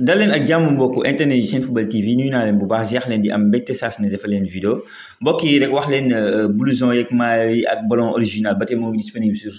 dans leen ak jàmm mbokku internet yi football TV nous n'a leen bu baax jeex leen di am mbégte saa su vidéo mbokk yi rek wax leen euh, blouson yeeg maillot yi ak ballon original ba tey disponible sur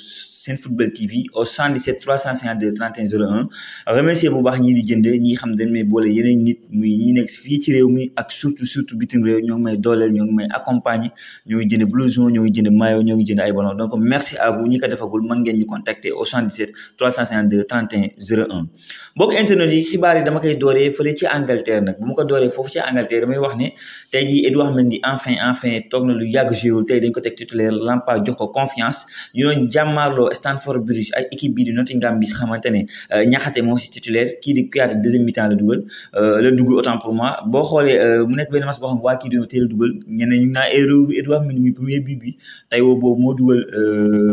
seen football TV au 77 352 31 01 remercier bu baax ñi di jënd ñi xam dañ may boole yeneen nit muy ñi nekk fii ci réew mi ak surtout surtout bitim réew ñoo ngi may dooleel ñoo ngi may accompagner ñoo ngi jënd blouson ñoo ngi jënd maillot ñoo ngi jënd ay ballon donc merci à vous ñi ko defagul mën ngeen ñu contacter au 77 352 31 01 mbokk internet yi xibaar yi dama koy dooree fële ci Angleterre nag bu ma ko dooree foofu ci Angleterre may wax ne tey jii Edouard Mendy enfin enfin toog na lu yàgg joué tey dañ ko teg titulaire Lampard jox ko confiance ñu doon jàmmaarloo Stamford Bridge ak équipe bii di Nottingham bi xamante ne ñaxate euh, moo si titulaire kii di Kouyaté deuxième la dugal euh, la dugg autant pour boo xoolee euh, mu nekk benn match boo xam dugal ñeneen ñu ngi naan Edouard Mendy muy premier bi tey boobu moo dugal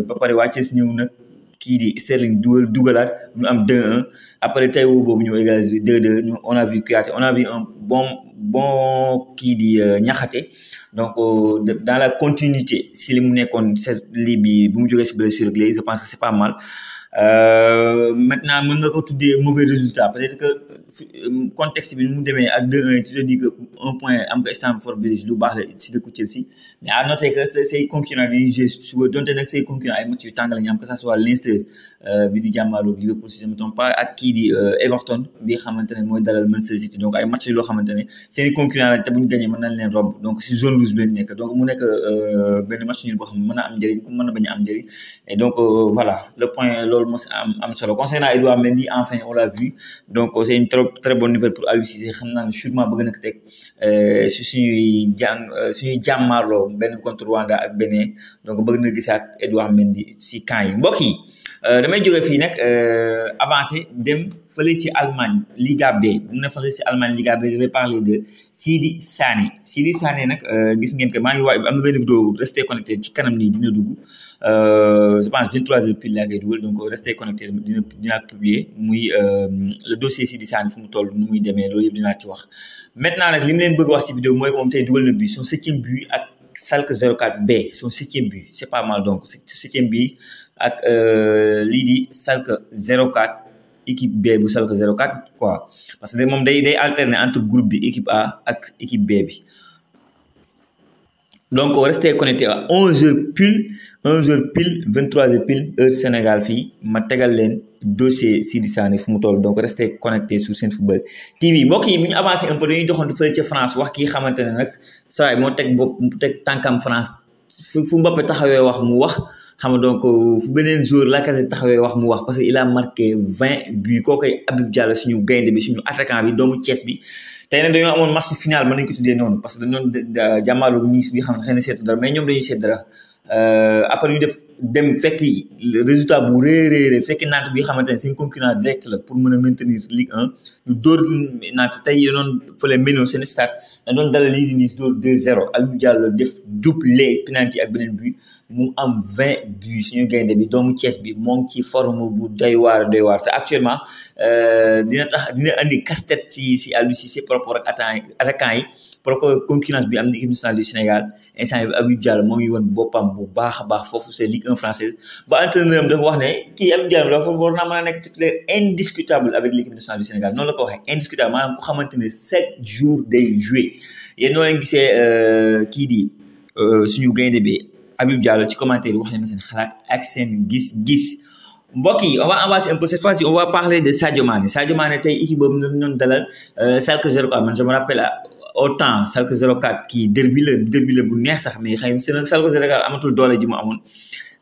ba pare waa Chelsea ñëw nag. kii di Sterling dugal dugalaat ñu am 2-1 après Taiwo boobu ñu égalisé 2-2 ñu on a vu Kouyaté on a vu un bon bon kii di euh, Niakhaté donc euh, dans la continuité si li mu nekkoon lii bi bu mu jógee si blessure je pense que c'est pas mal euh, maintenant mën nga ko tuddee mauvais résultat peut-être que euh, contexte bi nu mu demee ak 2-1 tu te dis que un point am ko Stamford Bridge lu baax la si dëkku Chelsea mais à noter que say concurrents dañuy joué suba donte nag say concurrent ay match yu tàng la ñu am que ça soit Leicester euh, bi di jàmmaarloo bi Liverpool si je pas ak kii di Everton bi nga xamante ne mooy dalal Manchester City donc ay match loo xamante ne seen i concurrents la te bu ñu gagné mën nañ leen romb donc si zone rouge bi lañ nekk donc mu nekk benn match nul boo xam ne mën a am njëriñ ku mën a bañ a am njëriñ et donc voilà le point loolu concernant Edouard Mendy enfin on l'a vu donc euh, c'est une très bonne nouvelle pour Aliou Je suis sûrement bëgg que ko teg euh, su euh, contre Rwanda ak Bénin donc bëgg na Edouard Mendy si quand yi euh, damay jóge fii nag euh, avancé dem fële ci Allemagne Liga B mu ne fële ci Allemagne Liga B je vais parler de Sidi Sané Sidi Sané nag euh, gis ngeen que maa ngi waay am na benn vidéo restez connecté ci kanam nii dina dugg je pense 23 heures pile laa koy dugal donc restez connecté dina dinaa publier muy le dossier Sidi Sané fu mu toll nu muy demee loolu yëpp dinaa ci wax maintenant nag li mu leen bëgg wax ci vidéo mooy moom tey dugal na bi son septième but ak Salk 04 B son septième but c'est pas mal donc septième but ak euh, lii di Schalke 04 équipe B bu Schalke 04 quoi parce que moom day day alterner entre groupe bi équipe A ak équipe B bi donc restez connecté à 11 heures pile 11 heures pile 23 heures pile heure Sénégal fii ma tegal leen dossier Sidi Sané fu mu toll donc reste connecté sur seen football TV mbokk yi bu ñu avancé un peu dañuy France wax kii xamante ne nag saa moo teg bopp teg tànkam France fu Mbappé taxawee wax mu wax. xam nga donc fu beneen jour Lacazette taxawee wax mu wax parce que il a marqué vingt buts kookoy Habib Diallo suñu gaynde bi suñu attaquant bi doomu Thiès bi te nag dañoo amoon match final mën nañu ko tuddee noonu parce que dañu doon jàmmaaloo Nice bi xam ne xëy na seetu dara mais ñoom dañuy seet dara euh, après ñu def. dem fekk résultat bu réeréeré fekki naat bi xamante ne seen concurrent direct la pour mën a maintenir Ligue 1 ñu dóor naat tey doon fële Mermoz seen stade da doon dalal lii di Nice dóor 2-0 Aliou Diallo def doublé penalty ak beneen mu am 20 buts suñu gaynde bi doomu Thiès bi moom ci forme bu doy waar doy waar te actuellement euh, dina tax dina andi casse si si Aliou Cissé par rapport ak attaquant bi am na équipe nationale du Sénégal instant bi Aliou moo ngi boppam bu baax a baax foofu c'est Ligue Ligue 1 française ba entraîneur am dafa né ne kii Habib Diallo dafa war naa mën a nekk indiscutable avec l'équipe nationale du Sénégal Non, la ko waxee indiscutable maanaam ku xamante ne sept jours day joué yéen noo leen gisee euh, kii di euh, suñu gaynde bi Habib Diallo ci commentaire bi wax nañu seen xalaat ak seen gis-gis. mbokk yi on va avancer un peu cette fois-ci on va parler de Sadio Mané Sadio Mané tey équipe boobu non, noonu dalal euh, Schalke 04 man je me rappelle au temps Schalke 04 qui derby la derby la bu neex sax mais xëy na Schalke 04 amatul doole ji mu amone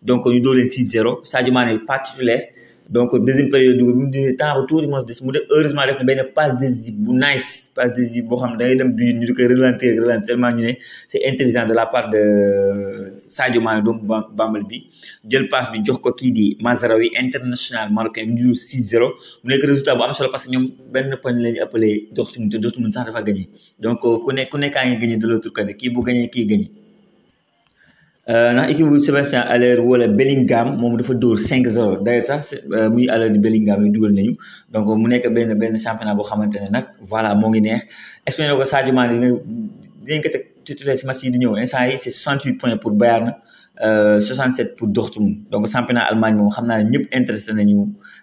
donc ñu dóor leen 6-0 Sadio Mané pas titulaire donc deuxième période dugub bi mu dindi temps ba tuuti mos des mu def heureusement def na benn passe décisive bu nice passe décisive boo xam ne da ngay dem bi ñu di koy relancer relancer tellement ñu ne c' est intelligent de la part de euh, Sadio Mané donc Bambal bi jël passe bi jox ko kii di Mazraoui international marocain ñu dul 6-0 mu nekk résultat bu am solo parce que ñoom benn poñ la ñu appelé doxtu te doxtu mun sax dafa gagné donc euh, ku nekk ku nekkaa ngi gagné de l' autre côté kii bu gagné kii gagné. Euh, na équipe bu Sébastien Aller wala Bellingham moom dafa dóor 5-0 d'ailleurs sax euh, muy Aller di Bellingham yi dugal nañu donc mu nekk benn benn championnat boo xamante ne nag voilà moo ngi neex espéré ko Sadio Mané dina dinañ ko teg titulaire si match yi di ñëw instant yi c'est 68 points pour Bayern euh, 67 pour Dortmund donc championnat Allemagne moom xam naa ne ñëpp intéressé nañu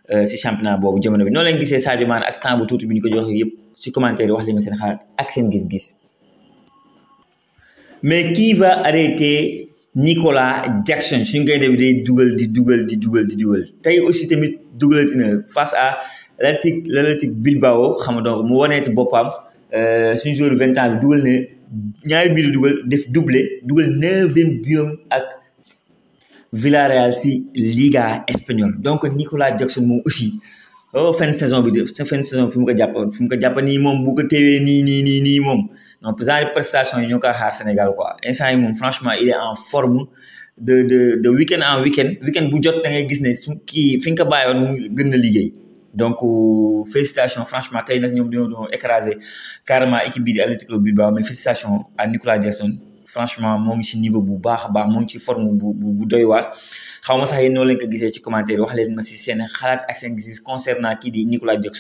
si euh, championnat boobu jamono bi noonu lañ gisee Sadio Mané ak temps bu tuuti bi ñu ko joxe yëpp si commentaire wax leen seen xalaat ak seen gis-gis mais qui va arrêter Nicolas Jackson suñu gaynde bi day dugal di dugal di dugal di dugal tey aussi tamit di na face à l'Athletic l'Athletic Bilbao xam nga donc mu waneeti boppam euh, suñu joueur vingt ans bi dugal ne ñaari biir dugal def doublé dugal neuvième biom ak Villarreal si Liga espagnole donc Nicolas Jackson moom aussi Oh, de saison bi sa saison fi mu ko japp fi mu ko japp ni mom bu ko téewee ni ni ni ni mom non genre prestation yi ko xaar Sénégal quoi instant yi moom franchement il est en forme de de de week-end en week-end week-end bu jot da ngay gis né ki kii fi nga ko bàyyoon mu gën liggéey donc euh, félicitations franchement tay nak ñom dañoo écrasé écraser carrément équipe bi di Atlético Bilbao mais félicitations à Nicolas Jackson franchement moom ngi ci niveau bu baax a baax moo ngi ci forme bu bu doy waar xaw ma sax yéen noo leen ko gisee ci commentaire wax leen ma si seen xalaat ak seen gis concernant kii di Nicolas Jackson.